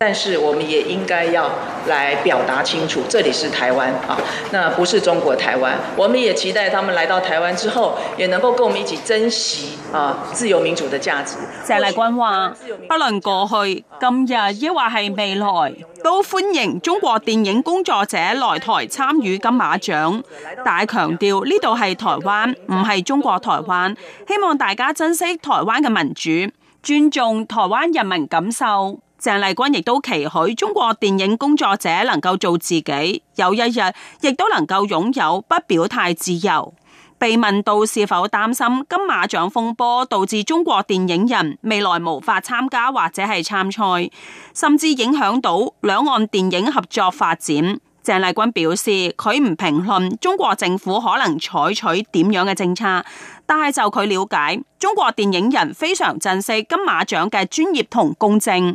但是，我們也應該要來表達清楚，這裏是台灣啊，那不是中國台灣。我們也期待他們來到台灣之後，也能夠跟我們一起珍惜啊自由民主的價值。鄭麗君話：不論過去、今日抑或係未來，都歡迎中國電影工作者來台參與金馬獎，但係強調呢度係台灣，唔係中國台灣。希望大家珍惜台灣嘅民主，尊重台灣人民感受。鄭麗君亦都期許中國電影工作者能夠做自己，有一日亦都能夠擁有不表態自由。被問到是否擔心金馬獎風波導致中國電影人未來無法參加或者係參賽，甚至影響到兩岸電影合作發展。鄭麗君表示，佢唔評論中國政府可能採取點樣嘅政策，但係就佢了解，中國電影人非常珍惜金馬獎嘅專業同公正。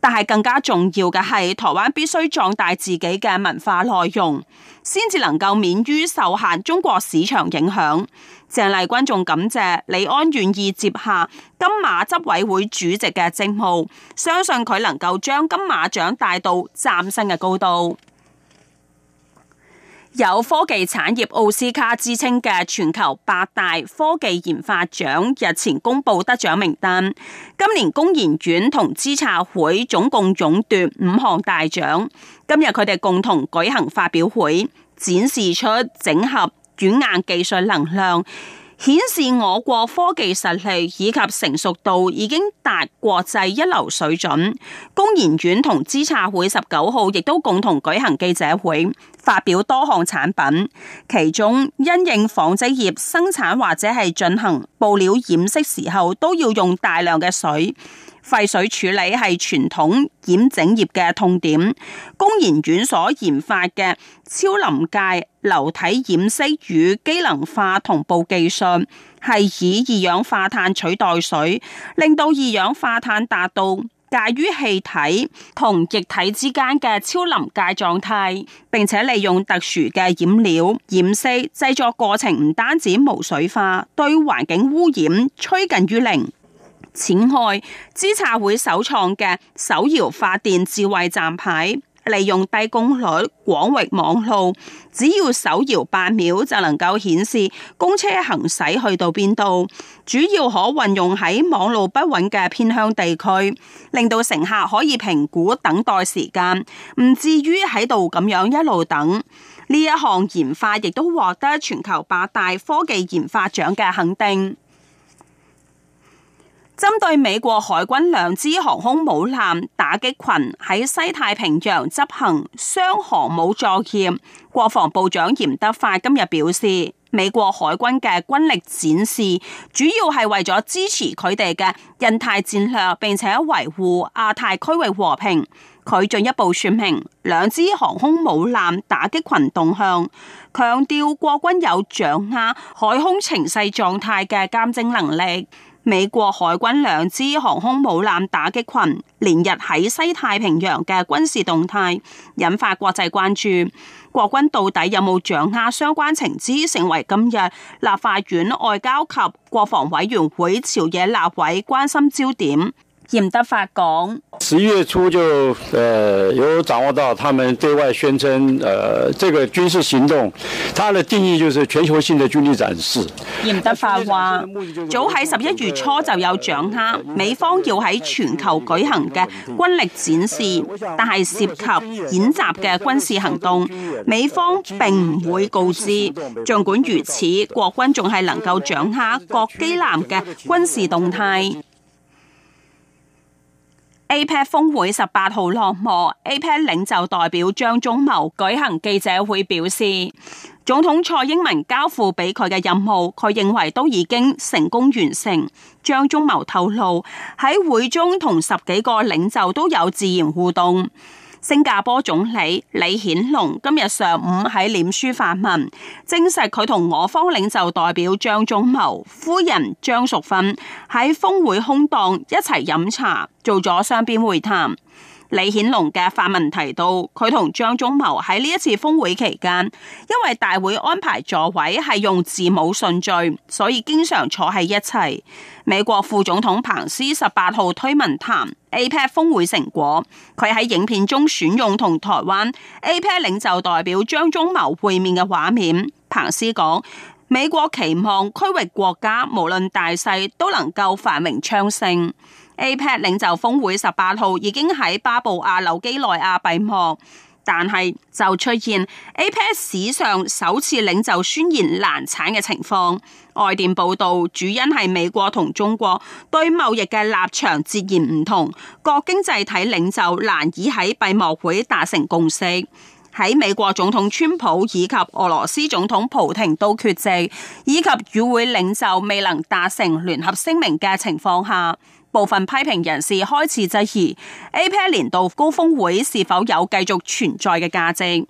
但係更加重要嘅係，台灣必須壯大自己嘅文化內容，先至能夠免於受限中國市場影響。鄭麗君仲感謝李安願意接下金馬執委會主席嘅職務，相信佢能夠將金馬獎帶到嶄新嘅高度。有科技產業奧斯卡之稱嘅全球百大科技研發獎日前公布得獎名單，今年工研院同資策會總共勇奪五項大獎。今日佢哋共同舉行發表會，展示出整合軟硬技術能量。顯示我國科技實力以及成熟度已經達國際一流水準。工研院同資策會十九號亦都共同舉行記者會，發表多項產品，其中因應紡織業生產或者係進行布料染色時候，都要用大量嘅水。廢水處理係傳統染整業嘅痛點。工研院所研發嘅超臨界流體染色與機能化同步技術，係以二氧化碳取代水，令到二氧化碳達到介於氣體同液體之間嘅超臨界狀態，並且利用特殊嘅染料染色，製作過程唔單止無水化，對環境污染趨近於零。此外，資策會首創嘅手搖發電智慧站牌，利用低功率廣域網路，只要手搖八秒就能夠顯示公車行駛去到邊度。主要可運用喺網路不穩嘅偏向地區，令到乘客可以評估等待時間，唔至於喺度咁樣一路等。呢一項研發亦都獲得全球百大科技研發獎嘅肯定。針對美國海軍兩支航空母艦打擊群喺西太平洋執行雙航母作戰，國防部長嚴德發今日表示，美國海軍嘅軍力展示主要係為咗支持佢哋嘅印太戰略，並且維護亞太區域和平。佢進一步說明，兩支航空母艦打擊群動向，強調國軍有掌握海空情勢狀態嘅鑒證能力。美國海軍兩支航空母艦打擊群連日喺西太平洋嘅軍事動態，引發國際關注。國軍到底有冇掌握相關情資，成為今日立法院外交及國防委員會朝野立委關心焦點。嚴德發講：十一月初就，誒、呃，有掌握到他們對外宣稱，誒、呃，這個軍事行動，它的定義就是全球性的軍力展示。嚴德發話：早喺十一月初就有掌握，美方要喺全球舉行嘅軍力展示，但係涉及演習嘅軍事行動，美方並唔會告知。盡管如此，國軍仲係能夠掌握各機艦嘅軍事動態。APEC 峰會十八號落幕，APEC 領袖代表張忠謀舉行記者會表示，總統蔡英文交付俾佢嘅任務，佢認為都已經成功完成。張忠謀透露喺會中同十幾個領袖都有自然互動。新加坡總理李顯龍今日上午喺臉書發文證實，佢同我方領袖代表張忠謀夫人張淑芬喺峰會空檔一齊飲茶，做咗雙邊會談。李顯龍嘅發文提到，佢同張忠謀喺呢一次峰會期間，因為大會安排座位係用字母順序，所以經常坐喺一齊。美國副總統彭斯十八號推文談。APEC 峰會成果，佢喺影片中選用同台灣 APEC 領袖代表張忠謀會面嘅畫面。彭斯講：美國期望區域國家無論大細都能夠繁榮昌盛。APEC 領袖峰會十八號已經喺巴布亞紐幾內亞閉幕。但係就出現 APEC 史上首次領袖宣言難產嘅情況。外電報道，主因係美國同中國對貿易嘅立場截然唔同，各經濟體領袖難以喺閉幕會達成共識。喺美國總統川普以及俄羅斯總統普廷都缺席，以及與會領袖未能達成聯合聲明嘅情況下。部分批評人士開始質疑 APEC 年度高峰會是否有繼續存在嘅價值。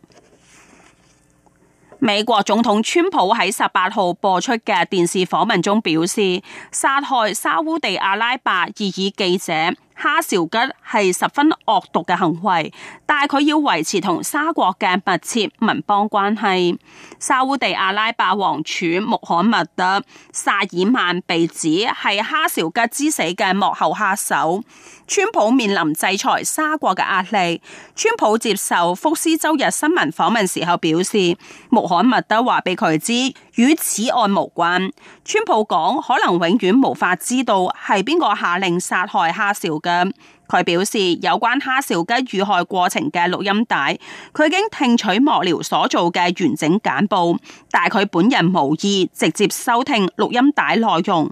美國總統川普喺十八號播出嘅電視訪問中表示，殺害沙烏地阿拉伯異議記者。哈紹吉係十分惡毒嘅行為，但佢要維持同沙國嘅密切盟邦關係。沙烏地阿拉伯王儲穆罕默德薩爾曼被指係哈紹吉之死嘅幕後黑手。川普面臨制裁沙國嘅壓力，川普接受福斯周日新聞訪問時候表示，穆罕默德話俾佢知。與此案無關，川普講可能永遠無法知道係邊個下令殺害哈紹嘅。佢表示有關哈紹吉遇害過程嘅錄音帶，佢已經聽取幕僚所做嘅完整簡報，但佢本人無意直接收聽錄音帶內容。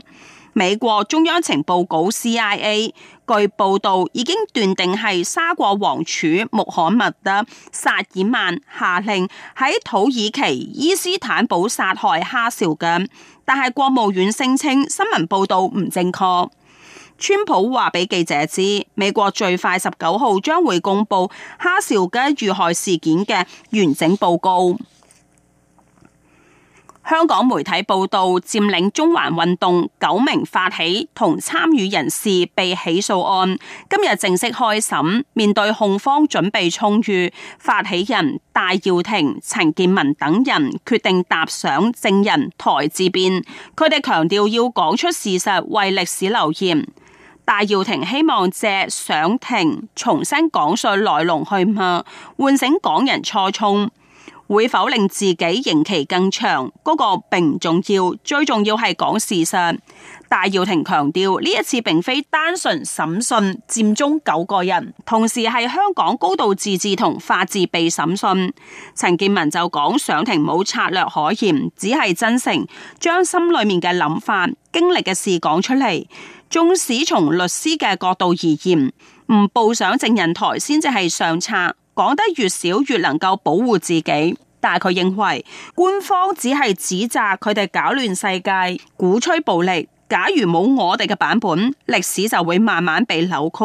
美國中央情報局 CIA 據報道，已經斷定係沙國王儲穆罕默德薩爾曼下令喺土耳其伊斯坦堡殺害哈紹吉，但係國務院聲稱新聞報道唔正確。川普話俾記者知，美國最快十九號將會公布哈紹吉嘅遇害事件嘅完整報告。香港媒體報道佔領中環運動九名發起同參與人士被起訴案，今日正式開審。面對控方準備充裕，發起人戴耀廷、陳健民等人決定踏上證人台自辯。佢哋強調要講出事實，為歷史留言。戴耀廷希望借上庭重新講述來龍去脈，喚醒港人初衷。會否令自己刑期更長？嗰個並唔重要，最重要係講事實。戴耀廷強調，呢一次並非單純審訊佔中九個人，同時係香港高度自治同法治被審訊。陳健民就講上庭冇策略可言，只係真誠，將心裏面嘅諗法、經歷嘅事講出嚟。縱使從律師嘅角度而言，唔報上證人台先至係上策。講得越少越能夠保護自己，但係佢認為官方只係指責佢哋搞亂世界、鼓吹暴力。假如冇我哋嘅版本，歷史就會慢慢被扭曲，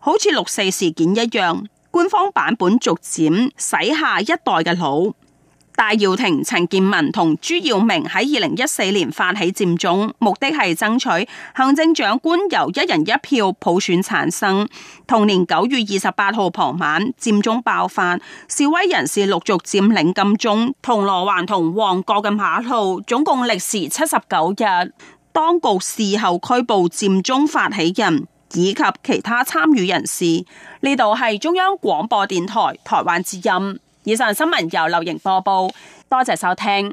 好似六四事件一樣，官方版本逐漸洗下一代嘅腦。戴耀廷、陳健民同朱耀明喺二零一四年發起佔中，目的係爭取行政長官由一人一票普選產生。同年九月二十八號傍晚，佔中爆發，示威人士陸續佔領金鐘、銅鑼灣同旺角嘅馬路，總共歷時七十九日。當局事後拘捕佔中發起人以及其他參與人士。呢度係中央廣播電台台灣之音。以上新聞由流瑩播報，多謝收聽。